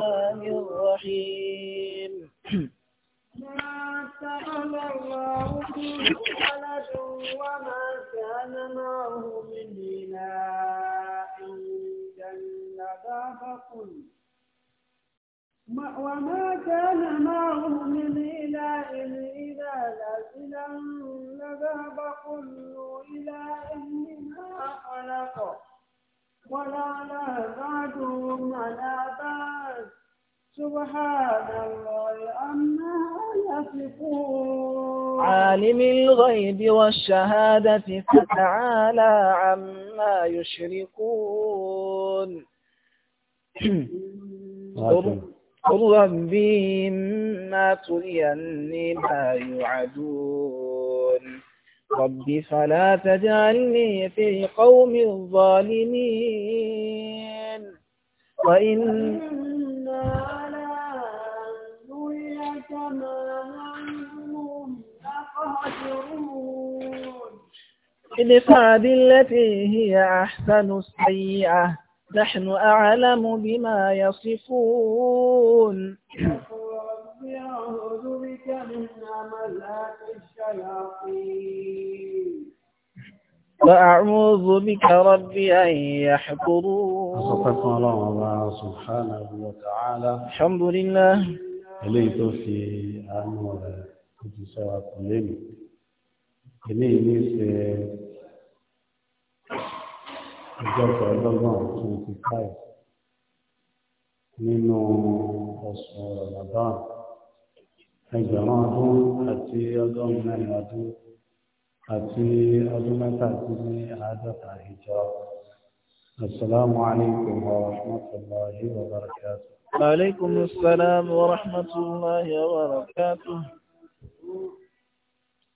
الرحمن الرحيم ما اتخذ الله فيه ولد وما كان معه من إله جنبا فقل وما كان معه من إله إلا لازلا لذهب كل إله مما خلقه ولا لا بعد على بعد سبحان الله عما يصفون عالم الغيب والشهادة فتعالى عما يشركون قل ربي ما تريني ما يوعدون رب فلا تجعلني في قوم الظالمين وإن على ادفع بالتي هي أحسن السيئة نحن أعلم بما يصفون رب أعوذ بك من عملات فأعوذ بك ربي أن يحفظوا أصدق الله سبحانه وتعالى الحمد لله إليه توفي أنه كنت سوى كلين إليه نيسي عبد الله twenty five منه ọ̀sán Ramadan ẹgbẹ̀rún ọdún السلام عليكم ورحمة الله وبركاته وعليكم السلام ورحمة الله وبركاته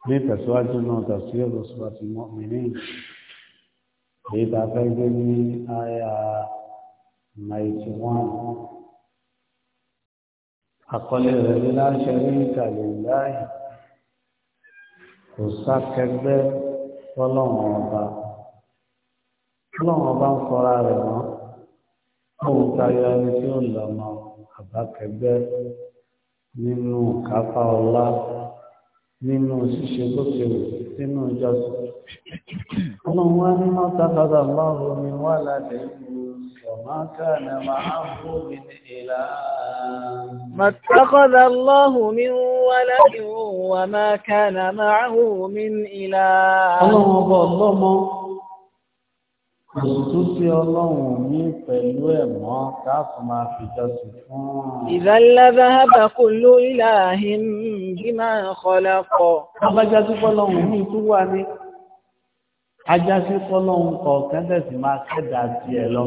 لتسواجنا تفسير صفات المؤمنين لتفاجئني آية 91 àkọlé rẹ̀ ní láṣẹ ní ìkàlẹ̀ láàyè kò sákẹgbẹ́ fọlọ́run ọba fọlọ́run ọba ń fọra rẹ̀ mọ́ fóun tayọ ẹni tí ó lọ́mọ àbákẹgbẹ́ nínú kápá ọlá nínú ṣíṣe tó ṣe wò nínú ìjọsìn ọlọ́run wá ní wà ládẹ́ ìlú ọ̀mákà ní máa ń mi ní ìlànà. ما اتخذ الله من ولد وما كان معه من إله الله أبا الله ما Òtútí ọlọ́run ní pẹ̀lú ẹ̀mọ́ káàkù máa fi jọsùn fún. Ìdánlẹ́bẹ̀ àbàkù ló ìlàáhìn bí máa kọlá pọ̀. Abájá sí ní tó wà ní ajá sí tẹ̀sí máa kẹ́dà sí ẹ̀ lọ.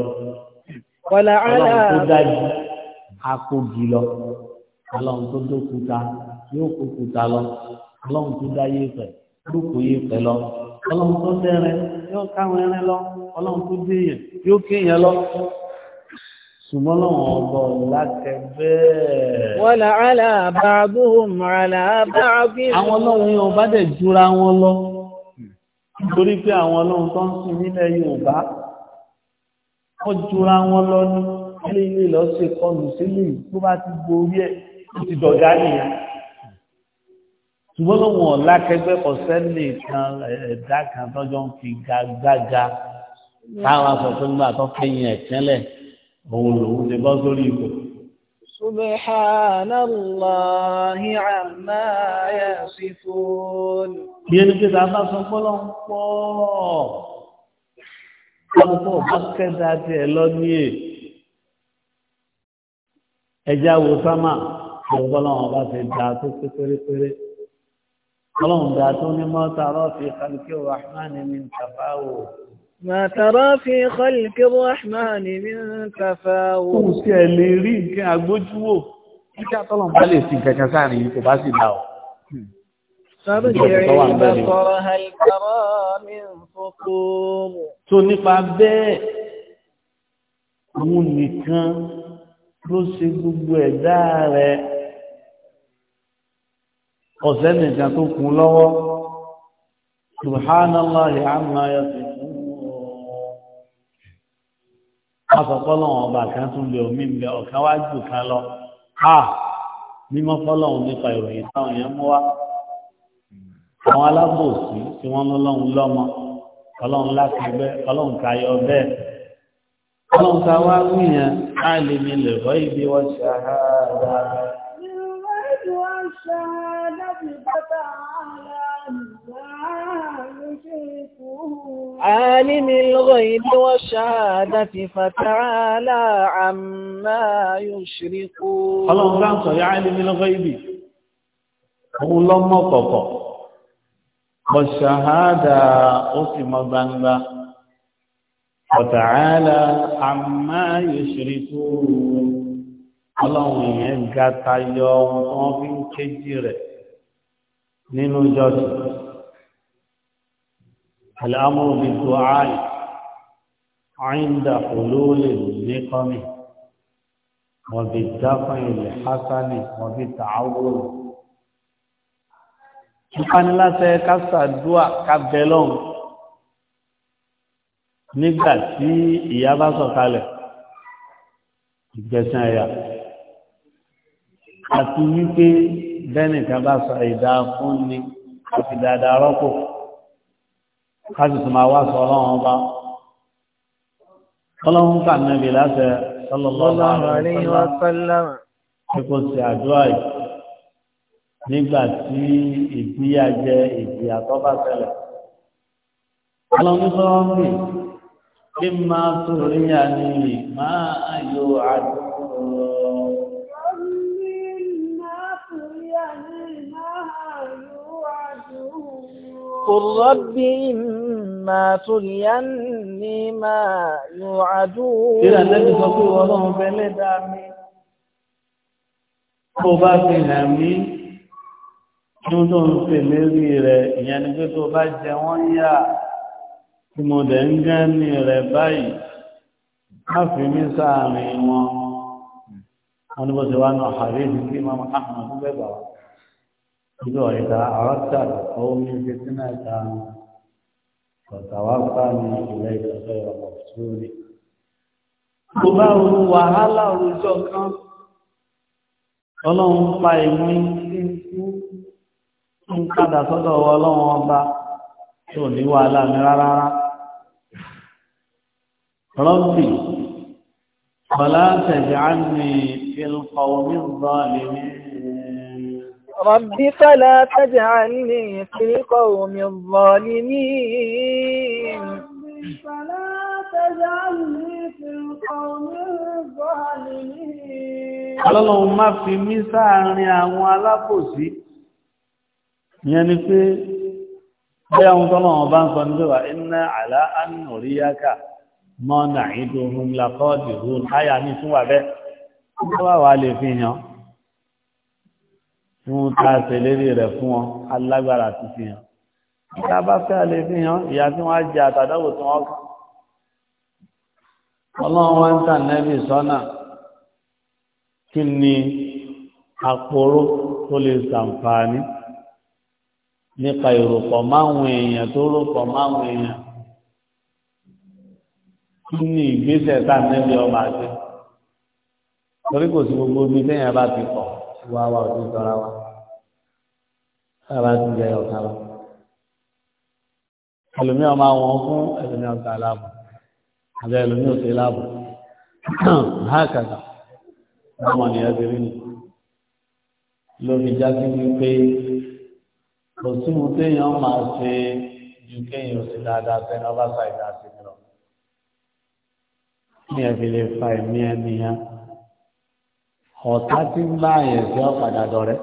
Kọlá akógi lọ ọlọ́run tó dókúta yóò kókúta lọ ọlọ́run tó dá yẹ̀pẹ̀ yóò kó yẹ̀pẹ̀ lọ ọlọ́run tó dẹ́rẹ̀ yóò káwọn ẹrẹ́ lọ ọlọ́run tó déyàn yóò kéèyàn lọ ṣùgbọ́n lọ́wọ́ ọgbọ́ láti bẹ́ẹ̀. wọ́n là aláàbàbùhùn aláàbàbí. àwọn ọlọ́run yóò bá dẹ̀ jura wọn lọ nítorí pé àwọn ọlọ́run tó ń sìn nílẹ̀ Yorùbá wọ́n jura wọn lọ ní ilé ilé lọ sí kọlù sílé tó bá ti borí ẹ̀ ó ti dọ̀gá nìyẹn ṣùgbọ́n lóun ọ̀la kẹgbẹ́ ọ̀sẹ́ nìkan ẹ̀dá kan tọ́jọ́ ń fi gagbága táwọn afọ̀túngbà tó fẹ́yìn ẹ̀tẹ́lẹ̀ òun lòun ti bọ́ sórí ipò. Subhanallahi amma yasifun. Bí ẹni pé ta sọ pọ́ lọ́n pọ́ ọ́. bá kẹ́dá tiẹ̀ lọ ní èè ẹja wo sámà ọgbọ́lọ́wọ́n bá ti da tó pé pérépéré ọlọ́run da tó ní mọ́ta rọ́ọ̀fì kálíkì rahman min tafáwò. màtàrọ́ fi kálíkì rahman min tafáwò. kò sí ẹ̀ lè rí nǹkan agbójúwò kíkà tọ́lọ̀ bá lè fi nǹkan kan sáàrin yìí kò bá sì dá o. tó nípa bẹ́ẹ̀ òun nìkan ló ṣe gbogbo ẹ̀dá rẹ̀ ọ̀sẹ̀ nìkan tó kún lọ́wọ́ subhanallahi amma yasifun asọ̀pọ̀lọ́wọ̀n ọba kan tún lè omi ìgbẹ́ ọ̀kan wá jù kan lọ ha mímọ́ fọ́lọ́wọ̀n nípa ìròyìn táwọn mú wá àwọn alábòsí tí wọ́n lọ́lọ́run lọ́mọ ọlọ́run láti ẹgbẹ́ ọlọ́run bẹ́ẹ̀ ọlọ́run ta عالم الغيب والشهادة الغيب والشهادة عالم الغيب والشهادة فتعالى عما يشركون الله رانسو يا عالم الغيب قول الله مطلق والشهادة أسم بنبه ọ̀tàrààlà àmà ìṣòrìkú ọlọ́run yẹn ga tayọ ohun tó wọ́n fi ń kéjì rẹ̀ nínú jọ́sìn aláàmúrò bí tó ààyè olóòlè nìkanì wọ́n bí dáfán ilẹ̀ hásánì wọ́n bí tààwòrò nípa ní láti kásàdúà kábẹ́lọ́hùn nígbà tí ìyá bá sọ̀kalẹ̀ ìgbẹ̀sán ẹ̀yà àti wípé bẹ́ẹ̀nì kan bá sọ ìdá fún ni àti dáadáa rọ́pò káàkiri tó máa wá sọ ọlọ́run ọba ọlọ́run kà nẹ́bí láti sallallahu alaihi wa sallam kíkó sí àdúrà yìí nígbà tí ìbíyà jẹ ìbíyà tó bá ṣẹlẹ̀ ọlọ́run sọ́rọ́ ń bì mímá tó rí yà ní máa ayò àdúgbò. قل رب إما تريني ما يوعدون إلى النبي صلى الله عليه وسلم Tó bá fi hàn mí, ní tó ń pè lérí rẹ̀, ìyẹn ni pé tó bá jẹ wọ́n yà tí mo dẹ̀ ń gán ní rẹ̀ báyìí má fi mí sáàrin wọn wọn ní bó ṣe wá náà àrí ìlú kí máa máa hàn án bẹ́ẹ̀ bá wa ìlú ọ̀yẹ́ta àrọ́tà omi ṣe sínú ẹ̀ka ọ̀tàwápá ní ilẹ̀ ìtọ́jú ọ̀pọ̀ sórí. mo bá ronú wàhálà òrùjọ kan ọlọ́run pa ìwé tí kú ń padà sọ́dọ̀ ọlọ́run ọba tó ní wàhálà mi rárá. ربي فلا تجعلني في القوم الظالمين ربي فلا تجعلني في القوم الظالمين ربي فلا تجعلني في القوم الظالمين Ọlọ́run في fi mí sáàrin àwọn alákòsí, ìyẹn ni pé, bí àwọn tọ́lọ̀ ọba ń sọ mọ́nà ìdòhun lakọ́ọ̀dì rún táyà ní tún wà bẹ́ẹ̀ tó wà wà lè fi hàn fún ta ṣèlérí rẹ̀ fún wọn alágbára ti fi hàn ìta bá fẹ́ lè fi hàn ìyá tí wọ́n á jẹ àtàdáwò tí wọ́n kàn ọlọ́run wá ń tà nẹ́bì sọ́nà kí ni àpòrò tó lè ṣàǹfààní nípa ìròpọ̀ máwọn èèyàn tó ròpọ̀ máwọn èèyàn kí ni ìgbésẹ̀ tá a nẹ́bí ọba ṣe torí kò sí gbogbo omi téèyàn bá ti pọ̀ sí wa wa ò ti tọ́ra wa sábà ti jẹ ọ̀tá wa ẹlòmíràn máa wọ̀n fún ẹlòmíràn ta láàbù àbẹ ẹlòmíràn ò ṣe láàbù ha kàkà ọmọ nìyẹn ti rí ni ló fi já sí wípé kò sí mu téèyàn máa ṣe ju kéèyàn sí dáadáa sẹ́ni ọba ṣàìdá sí ni lọ ní ẹ̀fì lè fa ẹ̀mí ẹni ya ọ̀tá tí ń bá yẹn fi ọ̀padà dọ̀rẹ́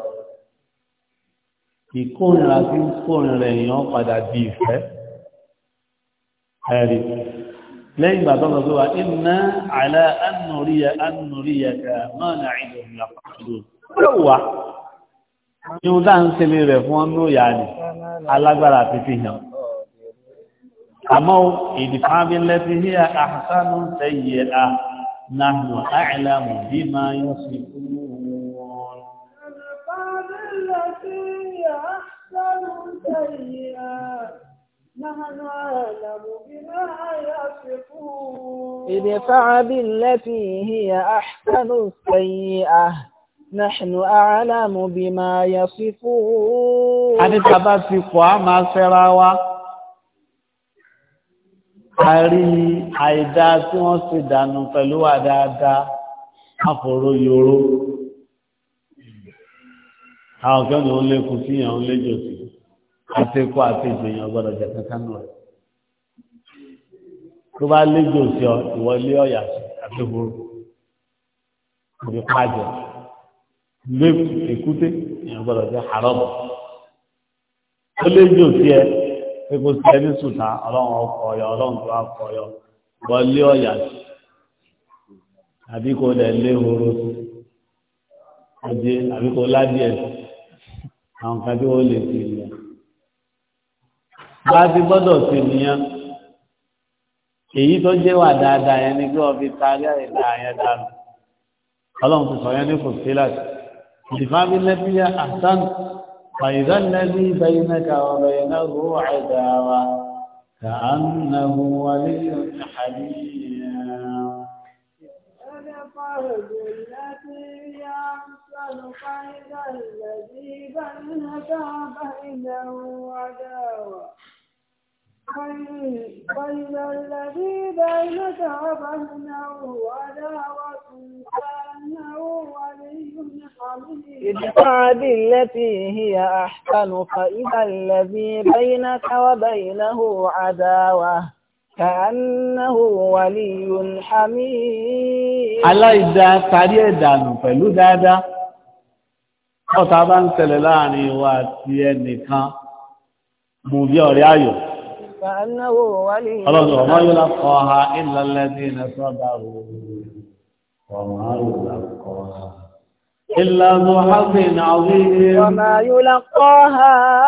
ìkórìíra tí ń kórìíra èèyàn padà di ìfẹ́ ẹ̀rí lẹ́yìn ìgbà tó lọ́gbọ́ wa iná àlá ànúríyà ànúríyà kà máa nà ìlú ìlàpàdé lọ́wọ́ ní ohun tá à ń sinmi rẹ̀ fún ọ́nú ìyá ni alágbára àti fi hàn أما إدفع بالتي هي أحسن سيئة نحن أعلم بما يصفون إدفع بالتي هي أحسن سيئة نحن أعلم بما يصفون ادفع بالتي هي أحسن السيئة Nàṣìnú àálàmù bí سيئة نحن أعلم بما يصفون ya fún. A ní a rí àìdá tí wọ́n sì dànù pẹ̀lú wà dáadáa àfòrò yòró àwọn kan ní òun lékun sí ìyàn òun léjò sí àtẹkọ àti ìgbìyàn gbọ́dọ̀ jẹ kankan nù rẹ tó bá léjò sí ọ ìwọlé ọyà àti ìhòòrò òbí pàjẹ lékun èkúté ìyàn gbọ́dọ̀ jẹ àrọbọ ó léjò sí ẹ pé kò sí ẹni sùtà ọlọ́run ọkọ̀ ọ̀yọ́ ọlọ́run tó ọkọ̀ ọ̀yọ́ wọlé ọ̀yà àbí kò dẹ̀ lé horo ọdẹ àbí kò ládìẹ àwọn kan tí wọ́n lè fi ìlú bá ti gbọ́dọ̀ sí nìyẹn èyí tó jẹ́ wà dáadáa yẹn ni kí wọ́n fi taari àìdá yẹn dànù ọlọ́run ti sọ yẹn ní kò sí láti ìdìfábílẹ́bíyà فإذا الذي بينك وبينه عداوة كأنه ولي حميم التي يحصل فإذا الذي بينك وبينه عداوة بين الذي بينك وبينه عداوة كأنه ولي حميد ادفع بالتي هي أحسن فإذا الذي بينك وبينه عداوة كأنه ولي حميد aláìdá إذا ẹ̀dànù pẹ̀lú dáadáa ọ̀tá bá ń ṣẹlẹ̀ láàrin wa àti ẹnìkan mú فأنه ولي الله وما يلقاها إلا الذين صبروا وما يلقاها إلا ذو حظ عظيم وما يلقاها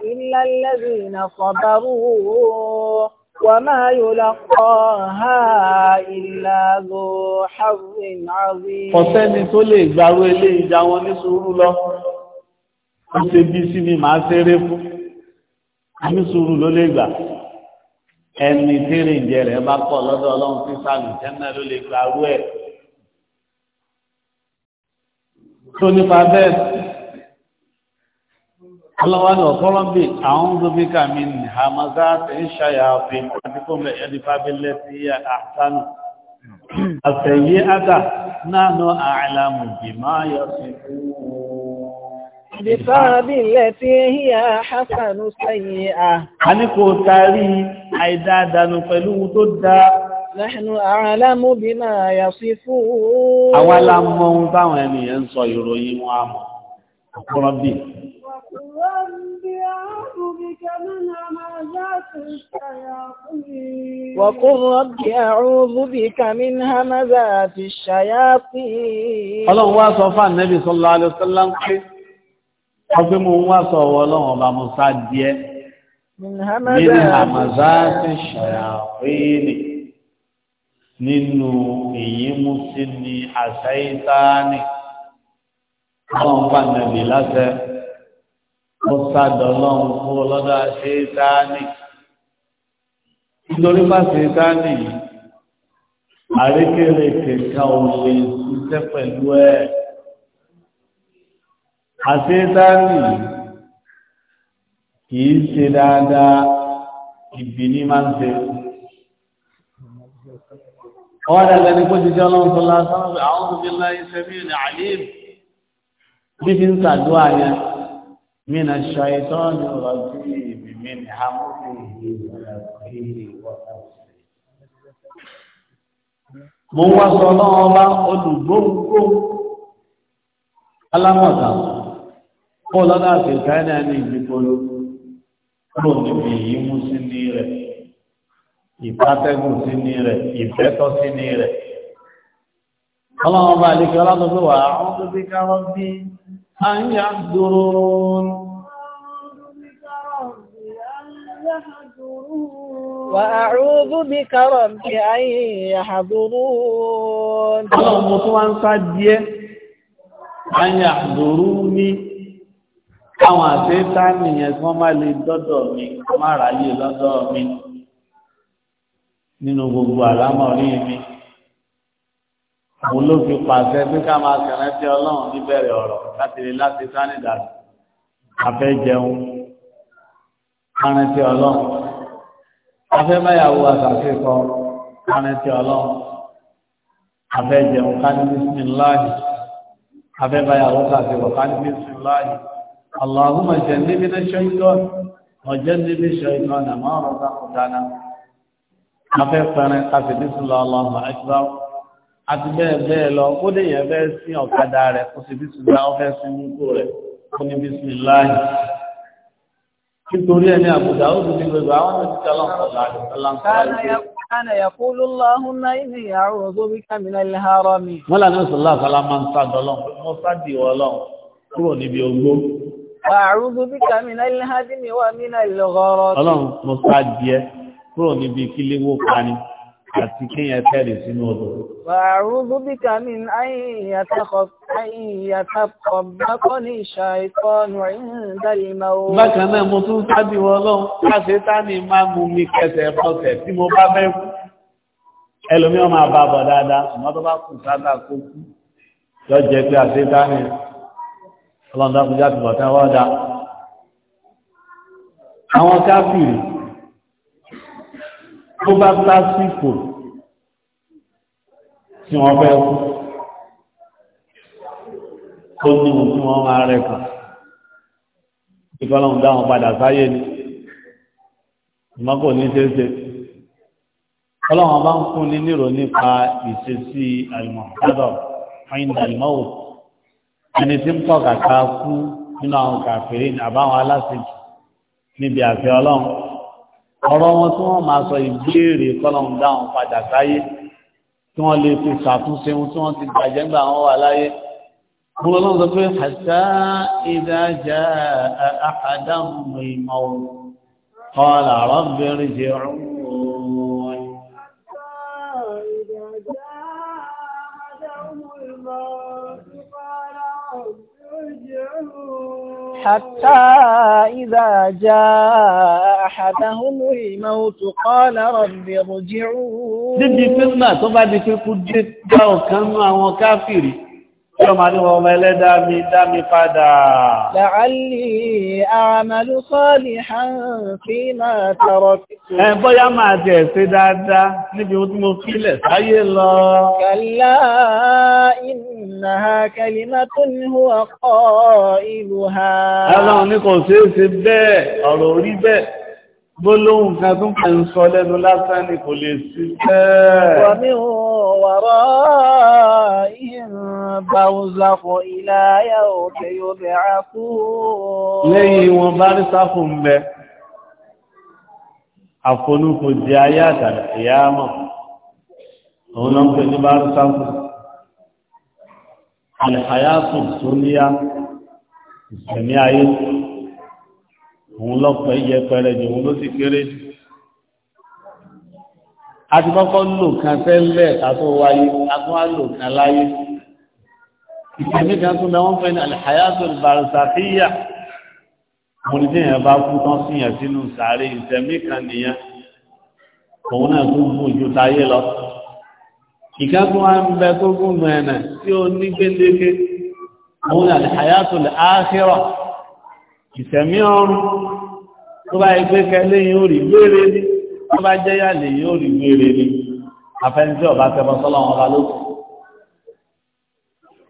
إلا الذين صبروا وما يلقاها إلا ذو حظ عظيم فسني تولي غارو إليه جاوني سورو لو ó ṣe bí sí ni màá ṣeré fún àní sùúrù ló lè gbà ẹni tẹ́rẹ̀ ìjẹ rẹ̀ bá pọ̀ lọ́dọ̀ ọlọ́run tí sàlù jẹ́nà ló lè gba arú ẹ̀. tó nípa bẹ́ẹ̀ ọlọ́wọ́dọ̀ fọ́lọ́bì àwọn gómìnkà mi ní hamaza ti ń ṣàyàfin àti kọ́mẹ̀ ẹni fábílẹ̀ sí àtànù àtẹ̀yé àgà náà náà àìlàmù bì máa sí fún Bífáàbí lẹ́tí híyà Hasanu sẹ́yìn à. A ní kò tarí àìdáadànù pẹ̀lú tó dáa. Lẹ́nu àrálámú bí máa yà sí fún ooo. Àwọn alámọ̀ ohun táwọn ènìyàn ń sọ ìròyìn wọn àmọ̀. Àkọ́rọ̀ bí. وقل رب أعوذ بك من همزات الشياطين. Ọlọ́run wá sọ fún Ànábì sallallahu alaihi wasallam pé ọgbẹ́ mo ń wá sọ ọwọ́ ọlọ́run ọba mo sá díẹ̀ nínú àmàzá ti ṣàyàwéèrè nínú èyí mú sí ni àṣàyítáánì ọlọ́run bá nàbì láṣẹ ó sádọ̀ fún ọlọ́dọ̀ àṣàyítáánì nítorí bá ṣàyítáánì yìí àrékèrèkè kan lè ṣiṣẹ́ pẹ̀lú ẹ̀ àṣetánì kìí ṣe dáadáa ìbí ní máa ń ṣe ọwọ́ dàgbà ní kó jíjẹ́ ọlọ́run tó lásán rẹ̀ àwọn òbí ńlá iṣẹ́ mí ní àlèm bí fi ń ṣàdúrà yẹn mí na ṣàìtọ́ ọ̀rọ̀ sí ìbí mi ní hamilton mo ń wá sọ ọlọ́run ọba olùgbòǹgbò alámọ̀dá kó lọ́dọ̀ àfẹ́ká náà ní ìdíkọ́lù kúrò níbi èyí mú sí ní rẹ̀ ìpátẹ́gùn sí ní rẹ̀ ìfẹ́tọ́ sí ní rẹ̀. ọlọ́run bá àdékẹ́ ọlọ́dún wà áwọn tó bí kárọ́ bí a ń وأعوذ بك رب أن يحضرون اللهم طوان قد أن يحضروني káwọn àṣetáàmì yẹn tí wọ́n má lè dọ́dọ̀ mi kó má ráyè lọ́dọ̀ mi nínú gbogbo àlámọ̀rí mi òun ló fi pàṣẹ pé ká máa ṣèrántí ọlọ́run níbẹ̀rẹ̀ ọ̀rọ̀ láti lè láti sáni dànù afẹ́ jẹun rántí ọlọ́run afẹ́ báyàwó àṣàṣe kọ rántí ọlọ́run afẹ́ jẹun ká ní bísí ńláàyè afẹ́ báyàwó àṣàṣe kọ ká ní bísí ńláàyè. اللهم جنبنا الشيطان وجنب الشيطان ما رزقتنا afẹ́fẹ́rin káfí bísúlọ Allahu Akbar àti bẹ́ẹ̀ bẹ́ẹ̀ lọ ó lè yẹn fẹ́ sí ọ̀kadà rẹ̀ kó sì bísúlọ ọ̀fẹ́ sí múkú rẹ̀ kó ní bísúláì nítorí ẹni àbùdá ó ti di gbogbo àwọn ọmọ títí aláǹkọ̀ọ́lá Ana ya kúlú Allahumma inni a'udhu bika minal harami. Mọ́lá ní Ṣùlá Fọlá máa ń sá dọ́lọ́, mo sá dìwọ́ lọ́wọ́ kúrò níbi ogbó. Àrùdú bí kàmínà ìlànàdí ni wà mínà ìlọ́gọ́rọ́. Ọlọ́run mo sá díẹ̀ kúrò níbi kílé wó pani àti kéèyàn tẹ̀lé sínú odò. Àrùdú bí kàmínà àyìnyàtàkọ̀ bákọ́ ní ìṣà ikọ́ nùrìndàlímà o. Bákan náà mo tún sábì wọ ọlọ́run káṣe tání máa mú mi kẹsẹ̀ ọlọ́run dákun já tìbọ̀ tán wọ́n dá àwọn káfíìrì tó bá lásìkò tí wọ́n fẹ́ kú tó ní ohun tí wọ́n máa rẹ̀ kàn ìkọlọ́run dá wọn padà sáyé ni ìmọ́kò ní ṣeéṣe ọlọ́run bá ń fún ní nírò nípa ìṣesí àlùmọ̀ọ́dọ̀ fáìndà ìmọ́wòsàn ẹni tí ń pọ̀ kàkà kú nínú àwọn kàfèrè àbáwọn aláṣejù níbi àfẹ́ ọlọ́run ọ̀rọ̀ wọn tí wọ́n máa sọ ìbéèrè kọ́lọ́run dáhùn padà sáyé tí wọ́n lè fi ṣàtúnṣe ohun tí wọ́n ti bàjẹ́ gbà wọ́n wà láyé mo lọ sọ pé àṣà ìdájà àhàdáhùn ìmọ̀ ọ̀rọ̀ bẹ̀rẹ̀ jẹ̀rún حتى إذا جاء أحدهم الموت قال رب ارجعون. Dídí fitna tó bá di pé kú dé bá ọ̀kan nú àwọn káfìrí. Yọ́ máa ní wọn ọmọ ẹlẹ́dá mi dá mi padà. La'alli a'malu salihan fima taraktu. Ẹ bọ́yá máa jẹ ẹ̀ṣẹ́ dáadáa níbi ohun tí mo fílẹ̀ sáyé lọ. Kalla innaha kalimatun huwa qailuha. Ẹlọ́run ní kò ṣeé ṣe bẹ́ẹ̀, ọ̀rọ̀ orí bẹ́ẹ̀ gbólóhùn kan tún kẹ ń sọ lẹ́nu lásán ní kò lè sí ẹ́ wàmí wàrọ̀ ìrìnbà òzàfọ̀ ìlàyà òkè yóò bẹ̀ àkú bá ń bẹ àfonúkò jẹ ayé àtàrà ìyá mọ̀ òun náà ń bá rí sáfù àlẹ́hàyà sùn òun lọ́pọ̀ yẹ pẹrẹ jù òun ló sì kéré jù. a ti kọ́kọ́ lò kan tẹ́lẹ̀ kátó wáyé a tún wá lò kan láyé. ìpèmí kan tún bẹ wọ́n fẹ́ ní alihayatu barisakiya mo ní tíyẹn bá kú tán síyàn sínú sàárè ìtẹ̀mí kan nìyẹn òun náà tún mú ju táyé lọ ìkákún ń bẹ tó gún mẹ́ẹ̀nà tí ó ní gbéléke òun àti àyàtò lè áhírọ̀ ìsẹ̀mí ọrùn tó bá yẹ pé kẹlẹ́ yìí ó rí gbére ní tó bá jẹ́ yà lè yìí ó rí gbére ní afẹ́ntí ọba tẹ́fọ́ sọ́lọ́wọ́n ọba lókù.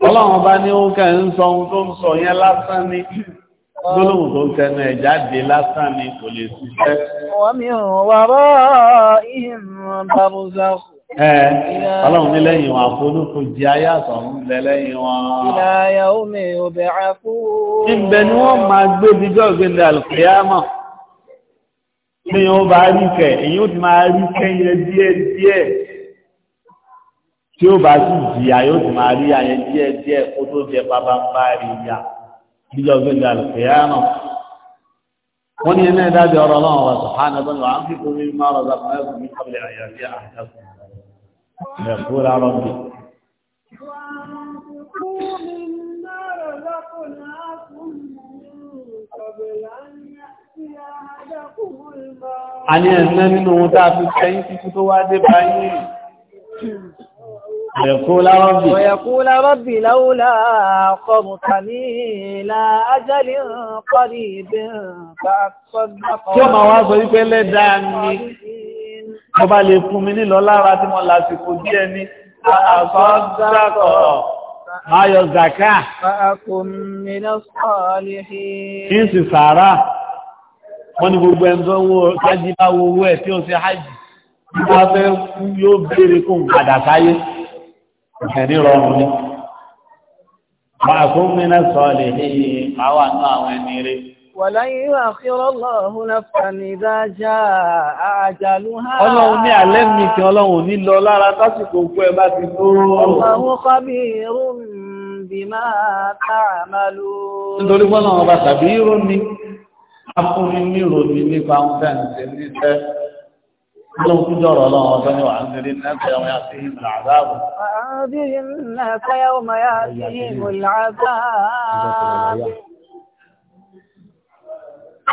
ọlọ́wọ́n ọba ní ó ń sọ ohun tó ń sọ yẹn lásán ní gbólóhùn tó ń tẹnu ẹ̀ jáde lásán ní kò lè ṣiṣẹ́. wọ́n mi ò wá rọ́ ìhìn bàbá Ọlọ́run ní lẹ́yìn wọn àfolúkú jẹ ayàtọ̀ ń lẹ lẹ́yìn wọn. Ìlàyà omi òbẹ̀ àkú. Ibẹ̀ ni wọ́n máa gbé bíjọ́ ìgbẹ̀lẹ̀ àlùkìyàmọ̀. Ní wọ́n bá rí kẹ̀, èyí ó ti máa rí kẹ́yẹ díẹ̀ díẹ̀. Tí ó bá sì jìyà yóò ti máa rí ayẹ díẹ̀ díẹ̀ kó tó jẹ bàbá ń bá rí ìyà bíjọ́ ìgbẹ̀lẹ̀ àlùkìyàmọ̀. Wọ́n ní ẹ̀mẹ́ dájọ́ ọ̀rọ̀ náà wà يقول ربي a ní ẹ̀nà nínú ohun tàà fi kẹ́yìn kíkú tó wá dé báyìí ويقول ربي لولا أخرتني إلى أجل قريب فأصدق tó bá lè fún mi nílọ lára tí mo lásìkò díẹ̀ ní àfọ́dàkọ̀ ayọ̀ zaka kí n sì sàárà wọ́n ní gbogbo ẹ̀ńtọ́ owó kájí bá wo owó ẹ̀ tí ó ṣe hajj nígbà fẹ́ yóò béèrè kó n padà sáyé rọrùn ni. Máa kún mi náà sọ̀lẹ̀ ní àwọn àánú àwọn ẹni rẹ̀. Wàlá yíò àkírọ́ lọ́hùn náà ìdájá àjálúhá. Ọlọ́run ní alẹ́ mi kí ọlọ́run ní lọ lára tásìkò òkú ẹ bá ti tó. Ọlọ́run kọ́ bí irun bí máa káàmàlú. Nítorí wọ́n náà bá tàbí irun ni, a fún mi ní ìròyìn nípa ohun tẹ́ ń ṣe ní iṣẹ́. لو جرى الله فني وأنذر الناس يوم يأتيهم العذاب وأنذر الناس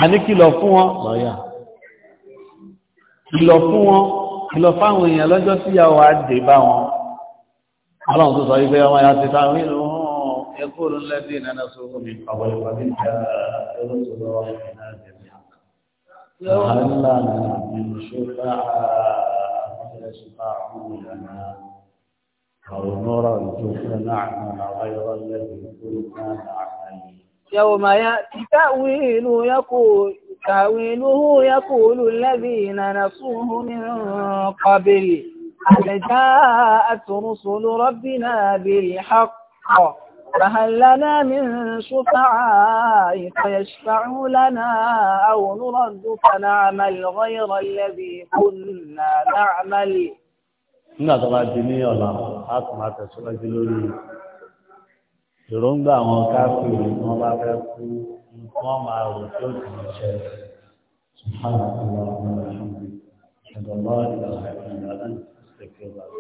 a ní kìlọ̀ fún wọn lọ́yà kìlọ̀ fún wọn kìlọ̀ fáwọn èèyàn lọ́jọ́ sí ìyàwó àdè bá wọn ọlọ́run tó sọ wípé ọmọ ya ti ta wí ló hàn ẹkú ló lẹ́dí ìnáná sókò يوم يأتي تأويل يقول تأويله يقول الذين نصوه من قبل قد جاءت رسل ربنا بالحق فهل لنا من شفعاء فيشفعوا لنا أو نرد فنعمل غير الذي كنا نعمل. نعم. نعم. نعم. نعم. نعم. نعم. نعم èròǹgbà àwọn káfíìrì tí wọ́n bá fẹ́ kú nǹkan máa rò tí ó ti ṣe سبحانك اللهم وبحمدك اشهد ان لا اله الا انت استغفرك